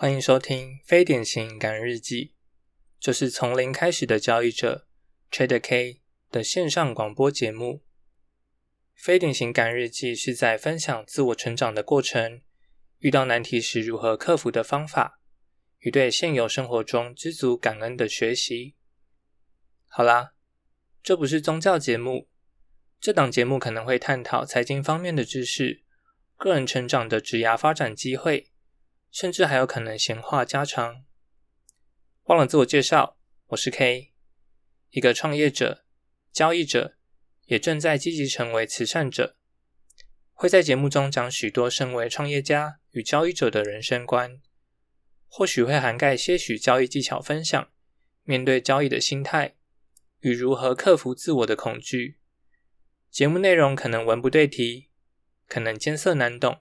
歡迎收聽《非典型感恩日記》，這、就是從零開始的交易者 Trader K 的線上廣播節目。非典型感恩日記是在分享自我成長的過程，遇到難題時如何克服的方法，與對現有生活中知足感恩的學習。好啦，這不是宗教節目，這檔節目可能會探討財經方面的知識，個人成長的職涯發展機會。甚至還有可能閒話家常，忘了自我介紹，我是 K，一個創業者、交易者，也正在積極成為慈善者。會在節目中講許多身為創業家與交易者的人生觀，或許會涵蓋些許交易技巧分享，面對交易的心態與如何克服自我的恐懼。節目內容可能文不對題，可能艱澀難懂，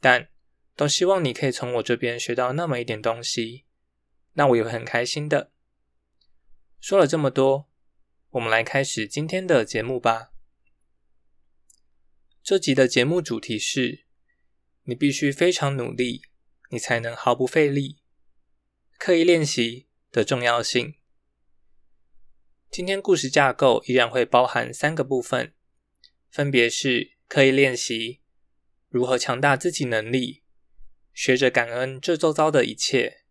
但。都希望你可以從我這邊學到那麼一點東西，那我也會很開心的。說了這麼多，我們來開始今天的節目吧。這集的節目主題是：你必須非常努力，你才能毫不費力。刻意練習的重要性。今天故事架構依然會包含三個部分，分別是刻意練習、如何強大自己能力。學着感恩這周遭的一切。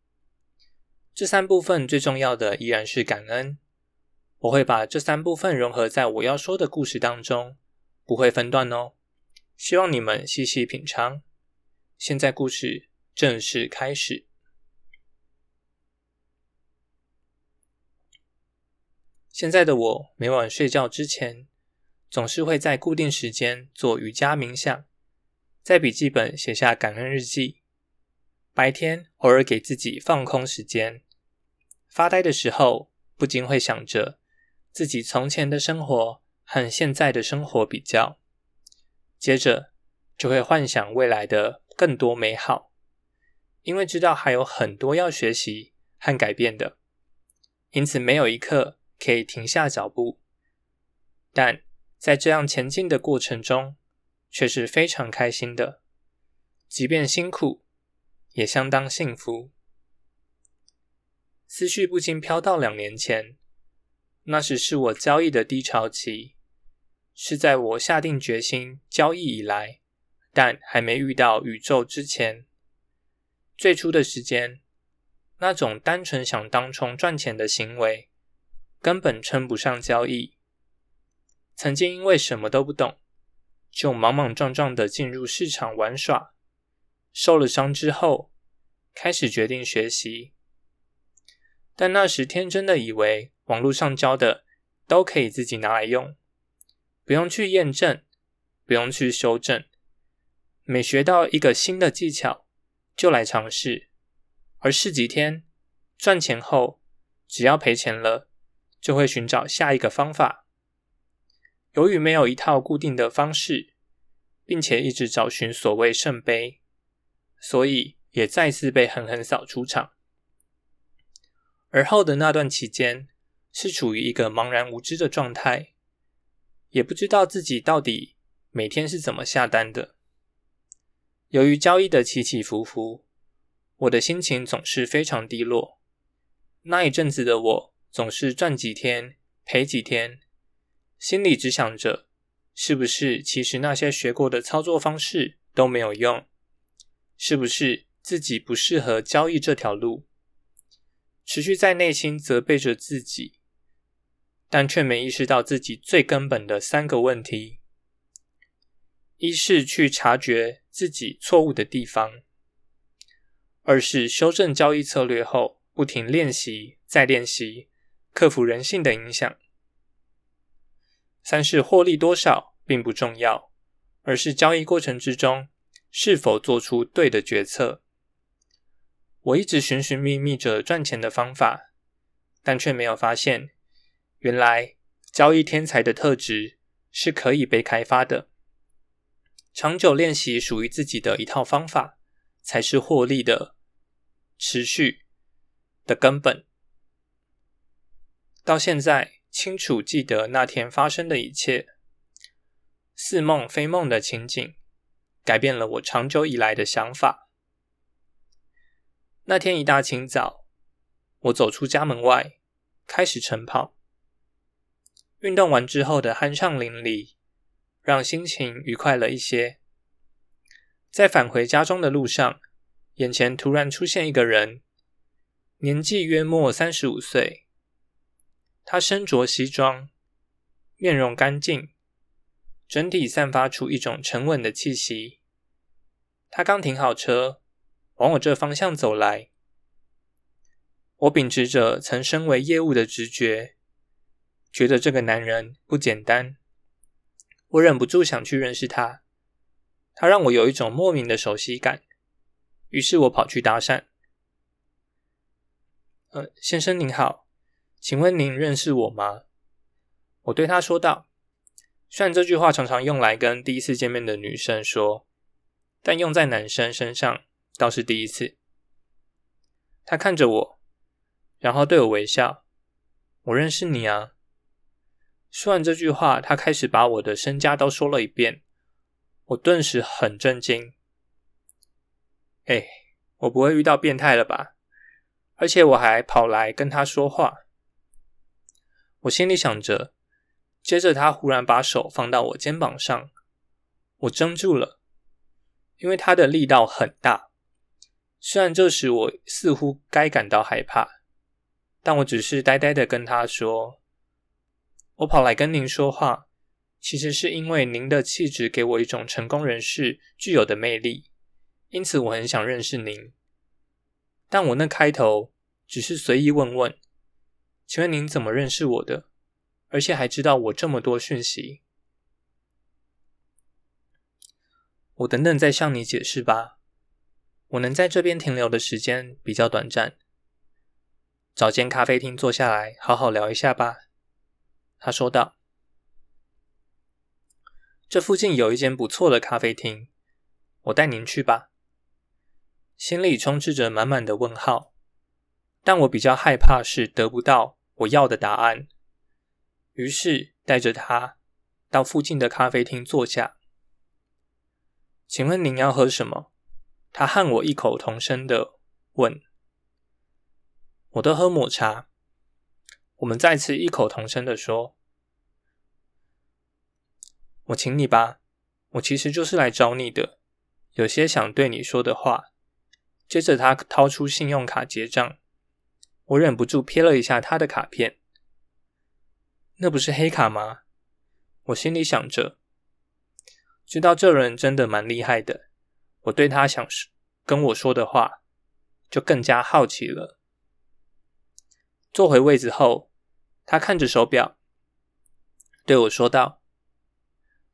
這三部分最重要的依然是感恩。我會把這三部分融合在我要說的故事當中，不會分段哦。希望你們細細品嘗。現在故事正式開始。現在的我每晚睡覺之前，總是會在固定時間做瑜伽、冥想，在筆記本寫下感恩日記。白天偶爾給自己放空時間，發呆的時候不禁會想着自己從前的生活和現在的生活比較，接着就會幻想未來的更多美好，因為知道還有很多要學習和改變的，因此沒有一刻可以停下腳步，但在這樣前進的過程中，卻是非常開心的，即便辛苦。也相當幸福。思緒不禁飄到兩年前，那時是我交易的低潮期，是在我下定決心交易以來，但還沒遇到宇宙之前。最初的時間，那種單純想當沖賺錢的行為，根本稱不上交易。曾經因為什麼都不懂，就莽莽撞撞的進入市場玩耍。受了傷之後，開始決定學習，但那時天真的以為網絡上教的都可以自己拿來用，不用去驗證，不用去修正。每學到一個新的技巧，就來嘗試，而試幾天賺錢後，只要賠錢了，就會尋找下一個方法。由於沒有一套固定的方式，並且一直找尋所謂聖杯。所以也再次被狠狠掃出場，而後的那段期間是處於一個茫然無知的狀態，也不知道自己到底每天是怎麼下單的。由於交易的起起伏伏，我的心情總是非常低落。那一陣子的我總是賺幾天賠幾天，心裡只想着是不是其實那些學過的操作方式都沒有用。是不是自己不適合交易這條路？持續在內心責備着自己，但卻沒意識到自己最根本的三個問題：一是去察覺自己錯誤的地方；二是修正交易策略後，不停練習、再練習，克服人性的影響；三是獲利多少並不重要，而是交易過程之中。是否做出對的決策？我一直尋尋覓覓着賺錢的方法，但卻沒有發現，原來交易天才的特質是可以被開發的。長久練習屬於自己的一套方法，才是獲利的持續的根本。到現在清楚記得那天發生的一切，似夢非夢的情景。改變了我長久以來的想法。那天一大清早，我走出家門外，開始晨跑。運動完之後的酣暢淋漓，讓心情愉快了一些。在返回家中的路上，眼前突然出現一個人，年紀約莫三十五歲，他身着西裝，面容乾淨。整體散發出一種沉穩的氣息。他剛停好車，往我這方向走來。我秉持着曾身為業務的直覺，覺得這個男人不簡單。我忍不住想去認識他，他讓我有一種莫名的熟悉感。於是我跑去搭訕。“呃，先生您好，請問您認識我嗎？”我對他說道。雖然這句話常常用來跟第一次見面的女生說，但用在男生身上倒是第一次。他看着我，然後對我微笑。我認識你啊！說完這句話，他開始把我的身家都說了一遍。我頓時很震驚。哎，我不會遇到變態了吧？而且我還跑來跟他說話。我心裡想着。接着，他忽然把手放到我肩膀上，我怔住了，因為他的力道很大。雖然這時我似乎該感到害怕，但我只是呆呆地跟他說：“我跑來跟您說話，其實是因為您的氣質給我一種成功人士具有的魅力，因此我很想認識您。但我那開頭只是隨意問問，請問您怎麼認識我的？”而且還知道我這麼多訊息，我等等再向你解釋吧。我能在這邊停留的時間比較短暫，找間咖啡廳坐下來好好聊一下吧。他說道：“這附近有一間不錯的咖啡廳，我帶您去吧。”心裡充斥着滿滿的問號，但我比較害怕是得不到我要的答案。於是帶着他到附近的咖啡廳坐下。請問您要喝什麼？他和我異口同聲的問。我都喝抹茶。我們再次異口同聲的說。我請你吧。我其實就是來找你的，有些想對你說的話。接着他掏出信用卡結賬。我忍不住瞥了一下他的卡片。那不是黑卡嗎？我心裡想着，知道這人真的蠻厲害的。我對他想跟我說的話，就更加好奇了。坐回位置後，他看着手表，對我說道：“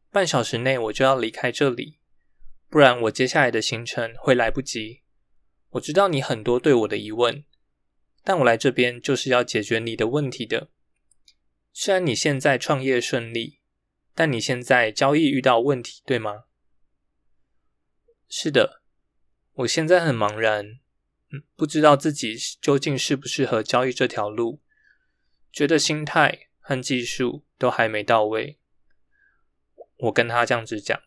半小時內我就要離開這裡，不然我接下來的行程會來不及。我知道你很多對我的疑問，但我來這邊就是要解決你的問題的。”雖然你現在創業順利，但你現在交易遇到問題，對嗎？是的，我現在很茫然，嗯，不知道自己究竟適不適合交易這條路，覺得心態和技術都還沒到位。我跟他這樣子講，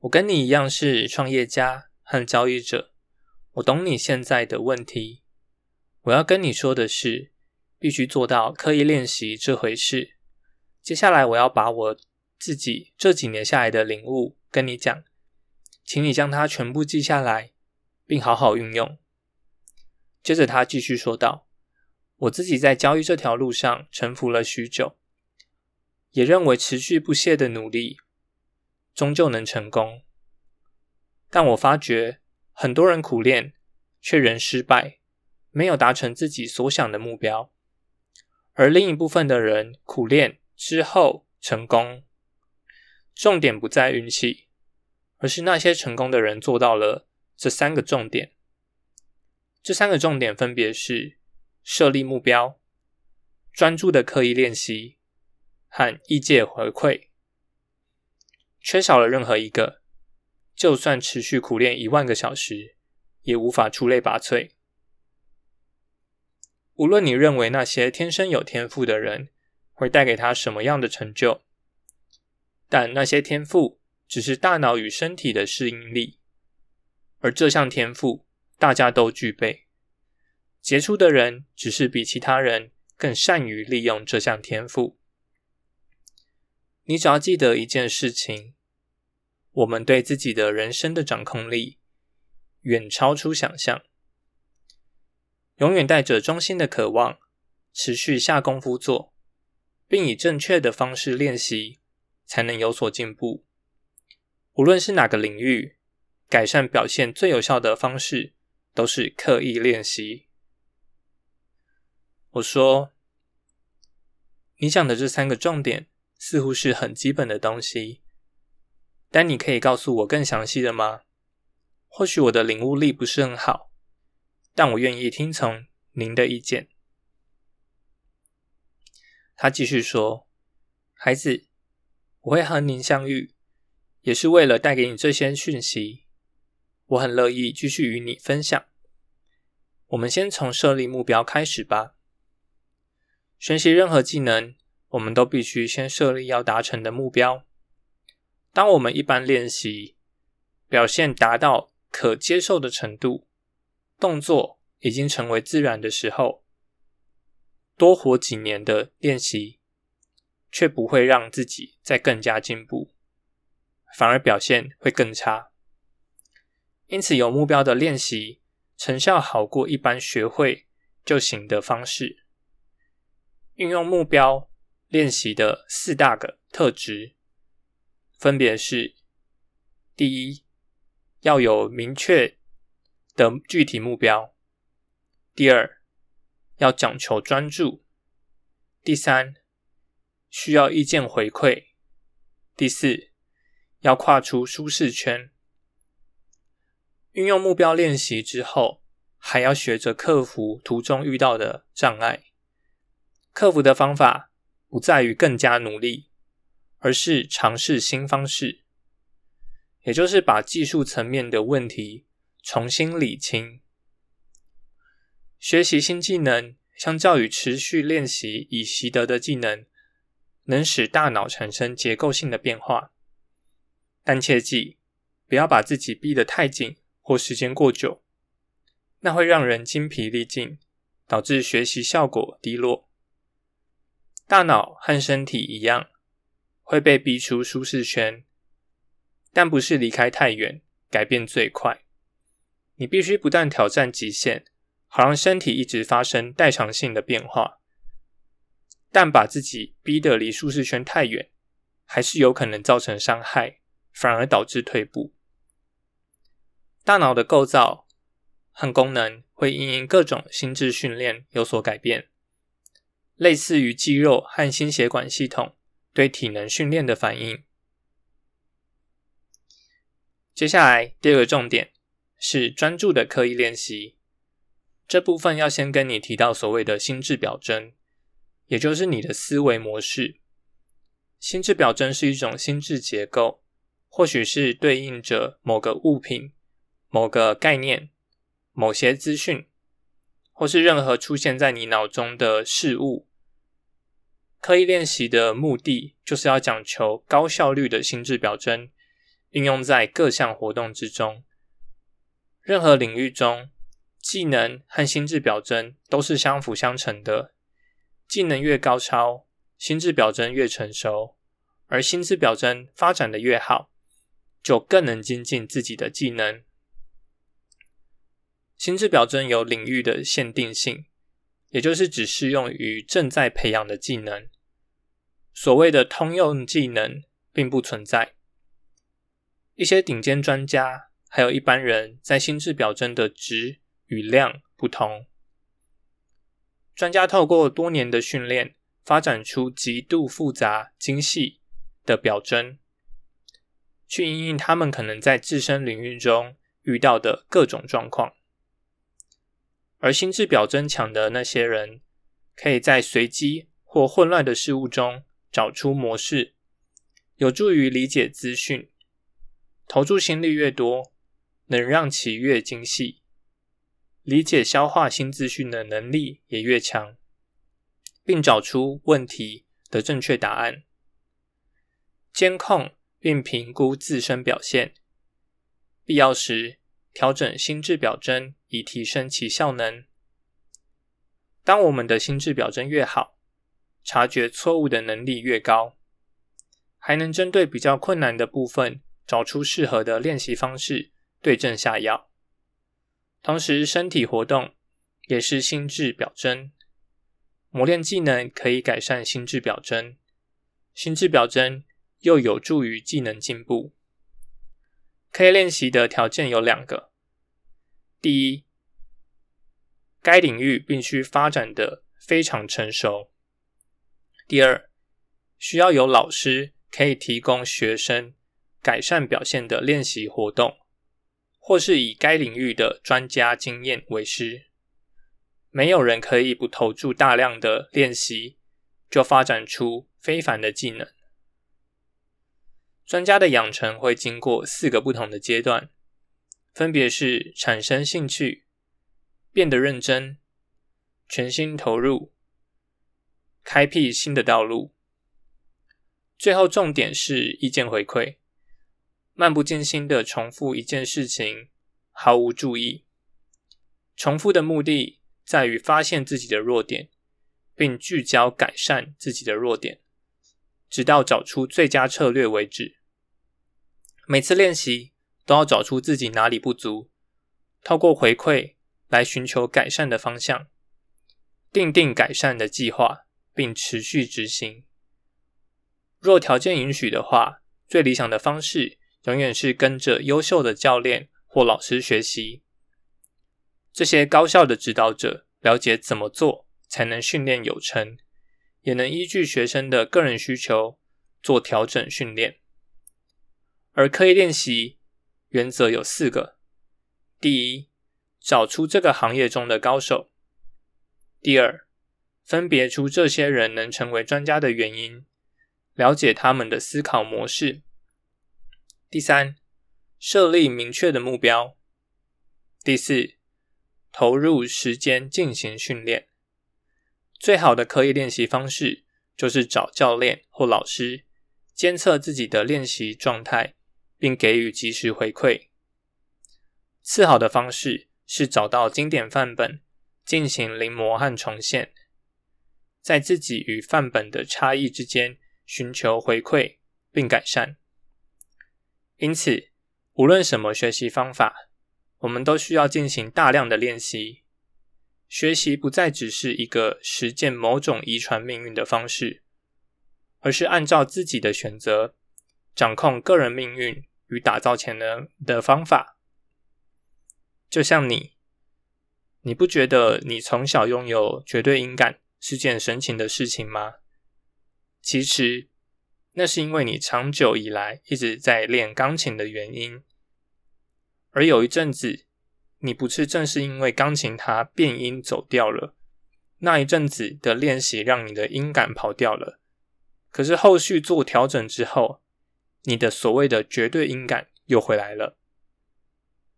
我跟你一樣是創業家和交易者，我懂你現在的問題。我要跟你說的是。必須做到刻意練習這回事。接下來，我要把我自己這幾年下來的領悟跟你講，請你將它全部記下來，並好好運用。接着，他繼續說道：“我自己在交易這條路上沉浮了許久，也認為持續不懈的努力終究能成功。但我發覺，很多人苦練卻仍失敗，沒有達成自己所想的目標。”而另一部分的人苦練之後成功，重點不在運氣，而是那些成功的人做到了這三個重點。這三個重點分別是：設立目標、專注的刻意練習和意見回饋。缺少了任何一個，就算持續苦練一萬個小時，也無法出類拔萃。無論你認為那些天生有天賦的人會帶給他什麼樣的成就，但那些天賦只是大腦與身體的適應力，而這項天賦大家都具備。傑出的人只是比其他人更善於利用這項天賦。你只要記得一件事情，我們對自己的人生的掌控力遠超出想象。永遠帶着衷心的渴望，持續下功夫做，並以正確的方式練習，才能有所進步。無論是哪個領域，改善表現最有效的方式都是刻意練習。我說，你講的這三個重點似乎是很基本的東西，但你可以告訴我更詳細的嗎？或許我的領悟力不是很好。但我願意聽從您的意見。他繼續說：“孩子，我會和您相遇，也是為了帶給你這些訊息。我很樂意繼續與你分享。我們先從設立目標開始吧。學習任何技能，我們都必須先設立要達成的目標。當我們一般練習，表現達到可接受的程度。”動作已經成為自然的時候，多活幾年的練習，卻不會讓自己再更加進步，反而表現會更差。因此，有目標的練習成效好過一般學會就行的方式。運用目標練習的四大個特質，分別是：第一，要有明確。的具體目標。第二，要講求專注。第三，需要意見回饋。第四，要跨出舒適圈。運用目標練習之後，還要學着克服途中遇到的障礙。克服的方法不在於更加努力，而是嘗試新方式。也就是把技術層面的問題，重新理清。學習新技能，相較於持續練習已習得的技能，能使大腦產生結構性的變化。但切記，不要把自己逼得太緊或時間過久，那會讓人精疲力盡，導致學習效果低落。大腦和身體一樣，會被逼出舒適圈，但不是離開太遠，改變最快。你必須不斷挑戰極限，好讓身體一直發生代償性的變化。但把自己逼得離舒適圈太遠，還是有可能造成傷害，反而導致退步。大腦的構造和功能會因應各種心智訓練有所改變，類似於肌肉和心血管系統對體能訓練的反應。接下來第二個重點。是專注的刻意練習，這部分要先跟你提到所謂的心智表徵，也就是你的思維模式。心智表徵是一種心智結構，或許是對應着某個物品、某個概念、某些資訊，或是任何出現在你腦中的事物。刻意練習的目的就是要講求高效率的心智表徵，應用在各項活動之中。任何領域中，技能和心智表徵都是相輔相成的。技能越高超，心智表徵越成熟；而心智表徵發展得越好，就更能精進自己的技能。心智表徵有領域的限定性，也就是只適用於正在培養的技能。所謂的通用技能並不存在。一些頂尖專家。還有一般人在心智表徵的值與量不同。專家透過多年的訓練，發展出極度複雜精細的表徵，去因應他們可能在自身領域中遇到的各種狀況。而心智表徵強的那些人，可以在隨機或混亂的事物中找出模式，有助於理解資訊。投注心力越多，能讓其越精細，理解消化新資訊的能力也越強，並找出問題的正確答案。監控並評估自身表現，必要時調整心智表徵以提升其效能。當我們的心智表徵越好，察覺錯誤的能力越高，還能針對比較困難的部分找出適合的練習方式。對症下藥，同時身體活動也是心智表徵。磨練技能可以改善心智表徵，心智表徵又有助於技能進步。可以練習的條件有兩個：第一，該領域必須發展得非常成熟；第二，需要有老師可以提供學生改善表現的練習活動。或是以該領域的專家經驗為師，沒有人可以不投注大量的練習就發展出非凡的技能。專家的養成會經過四個不同的階段，分別是產生興趣、變得認真、全心投入、開闢新的道路，最後重點是意見回饋。漫不經心地重複一件事情，毫無注意。重複的目的在於發現自己的弱點，並聚焦改善自己的弱點，直到找出最佳策略為止。每次練習都要找出自己哪裡不足，透過回饋來尋求改善的方向，訂定改善的計劃，並持續執行。若條件允許的話，最理想的方式，永遠是跟着優秀的教練或老師學習，這些高效的指導者了解怎麼做才能訓練有成，也能依據學生的個人需求做調整訓練。而刻意練習原則有四個：第一，找出這個行業中的高手；第二，分別出這些人能成為專家的原因，了解他們的思考模式。第三，設立明確的目標。第四，投入時間進行訓練。最好的刻意練習方式就是找教練或老師，監測自己的練習狀態，並給予及時回饋。次好的方式是找到經典範本，進行臨摹和重現，在自己與範本的差異之間尋求回饋，並改善。因此，無論什麼學習方法，我們都需要進行大量的練習。學習不再只是一個實踐某種遺傳命運的方式，而是按照自己的選擇，掌控個人命運與打造潛能的方法。就像你，你不覺得你從小擁有絕對音感是件神奇的事情嗎？其實。那是因為你長久以來一直在練鋼琴的原因，而有一陣子，你不是正是因為鋼琴它變音走掉了，那一陣子的練習讓你的音感跑掉了，可是後續做調整之後，你的所謂的絕對音感又回來了。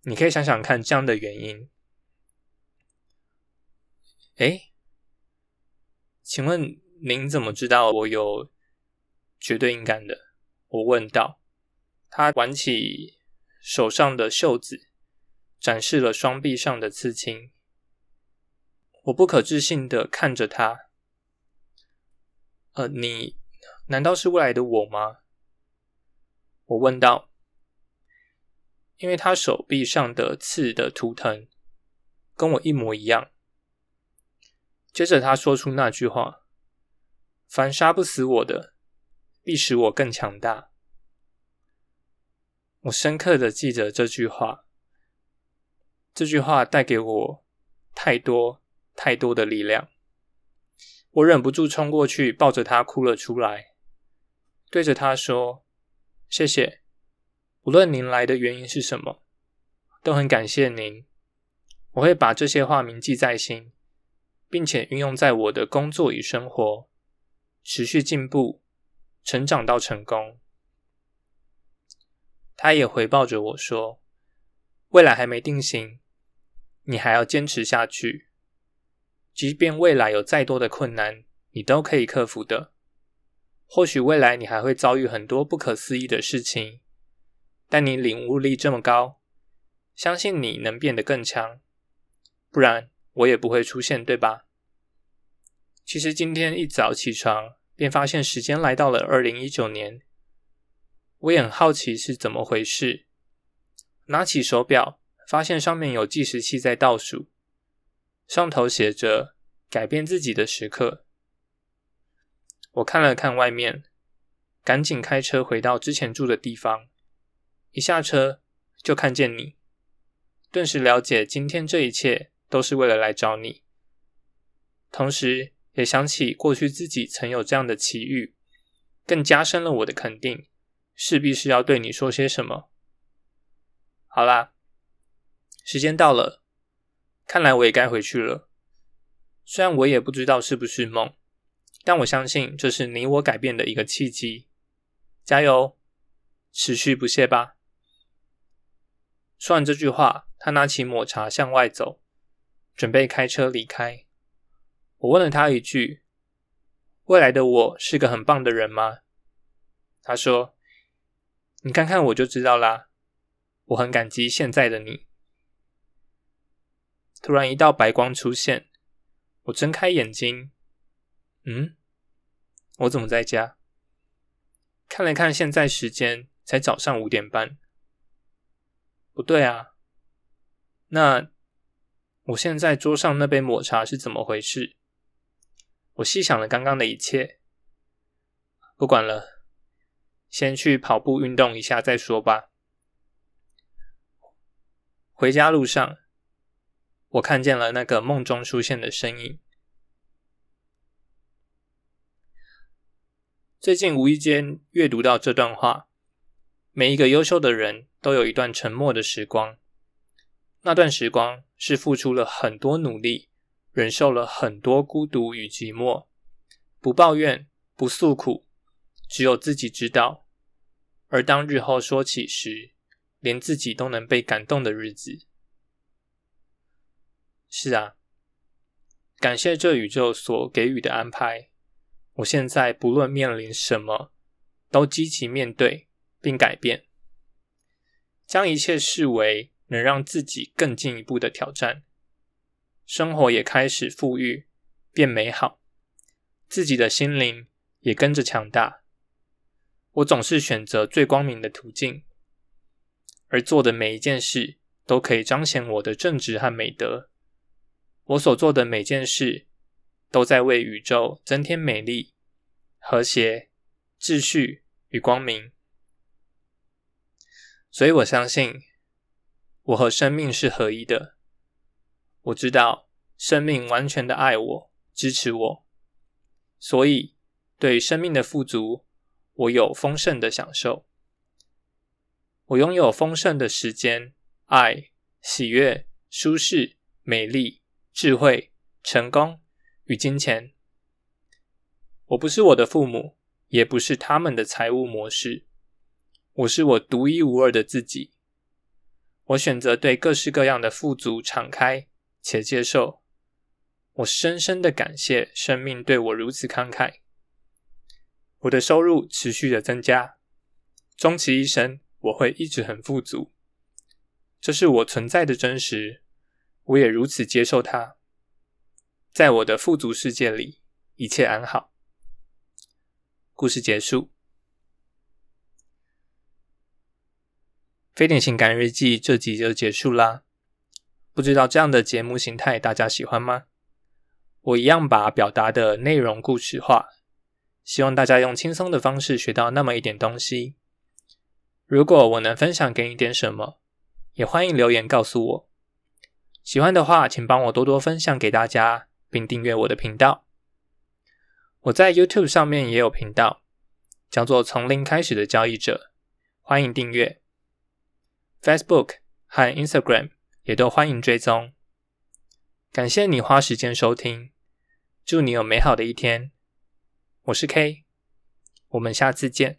你可以想想看這樣的原因。欸？誒請問您怎麼知道我有？絕對應該的，我問道。他挽起手上的袖子，展示了雙臂上的刺青。我不可置信的看着他，呃，你難道是未來的我嗎？我問道，因為他手臂上的刺的圖騰跟我一模一樣。接着他說出那句話：凡殺不死我的。必使我更強大。我深刻的記着這句話，這句話帶給我太多太多的力量。我忍不住衝過去，抱着他哭了出來，對着他說：“謝謝，無論您來的原因是什麼，都很感謝您。我會把這些話銘記在心，並且運用在我的工作與生活，持續進步。”成長到成功，他也回抱着我說：“未來還沒定型，你還要堅持下去。即便未來有再多的困難，你都可以克服的。或許未來你還會遭遇很多不可思議的事情，但你領悟力這麼高，相信你能變得更強。不然我也不會出現，對吧？”其實今天一早起床。便發現時間來到了二零一九年，我也很好奇是怎麼回事。拿起手錶，發現上面有計時器在倒數，上頭寫着“改變自己的時刻”。我看了看外面，趕緊開車回到之前住的地方。一下車就看見你，頓時了解今天這一切都是為了來找你。同時。也想起過去自己曾有這樣的奇遇，更加深了我的肯定，勢必是要對你說些什麼。好啦，時間到了，看來我也該回去了。雖然我也不知道是不是夢，但我相信這是你我改變的一個契機。加油，持續不懈吧。說完這句話，他拿起抹茶向外走，準備開車離開。我問了他一句：“未來的我是個很棒的人嗎？”他說：“你看看我就知道啦。”我很感激現在的你。突然一道白光出現，我睜開眼睛，嗯，我怎麼在家？看了看現在時間，才早上五點半，不對啊！那我現在桌上那杯抹茶是怎麼回事？我細想了剛剛的一切，不管了，先去跑步運動一下再說吧。回家路上，我看見了那個夢中出現的身影。最近無意間閱讀到這段話：每一個優秀的人都有一段沉默的時光，那段時光是付出了很多努力。忍受了很多孤獨與寂寞，不抱怨，不訴苦，只有自己知道。而當日後說起時，連自己都能被感動的日子。是啊，感謝這宇宙所給予的安排。我現在不論面臨什麼，都積極面對並改變，將一切視為能讓自己更進一步的挑戰。生活也開始富裕，變美好，自己的心靈也跟着強大。我總是選擇最光明的途徑，而做的每一件事都可以彰顯我的正直和美德。我所做的每件事都在為宇宙增添美麗、和諧、秩序與光明。所以我相信，我和生命是合一的。我知道生命完全的愛我，支持我，所以對生命的富足，我有豐盛的享受。我擁有豐盛的時間、愛、喜悅、舒適、美麗、智慧、成功與金錢。我不是我的父母，也不是他們的財務模式，我是我獨一無二的自己。我選擇對各式各樣的富足敞開且接受，我深深的感謝生命對我如此慷慨。我的收入持續的增加，終其一生我會一直很富足。這是我存在的真實，我也如此接受它。在我的富足世界裡，一切安好。故事結束。非典型感染日記這集就結束啦。不知道這樣的節目形態大家喜歡嗎？我一樣把表達的內容故事化，希望大家用輕鬆的方式學到那麼一點東西。如果我能分享給你點什麼，也歡迎留言告訴我。喜歡的話，請幫我多多分享給大家，並訂閱我的頻道。我在 YouTube 上面也有頻道，叫做“從零開始的交易者”，歡迎訂閱。Facebook 和 Instagram。也都歡迎追蹤。感謝你花時間收聽，祝你有美好的一天。我是 K，我們下次見。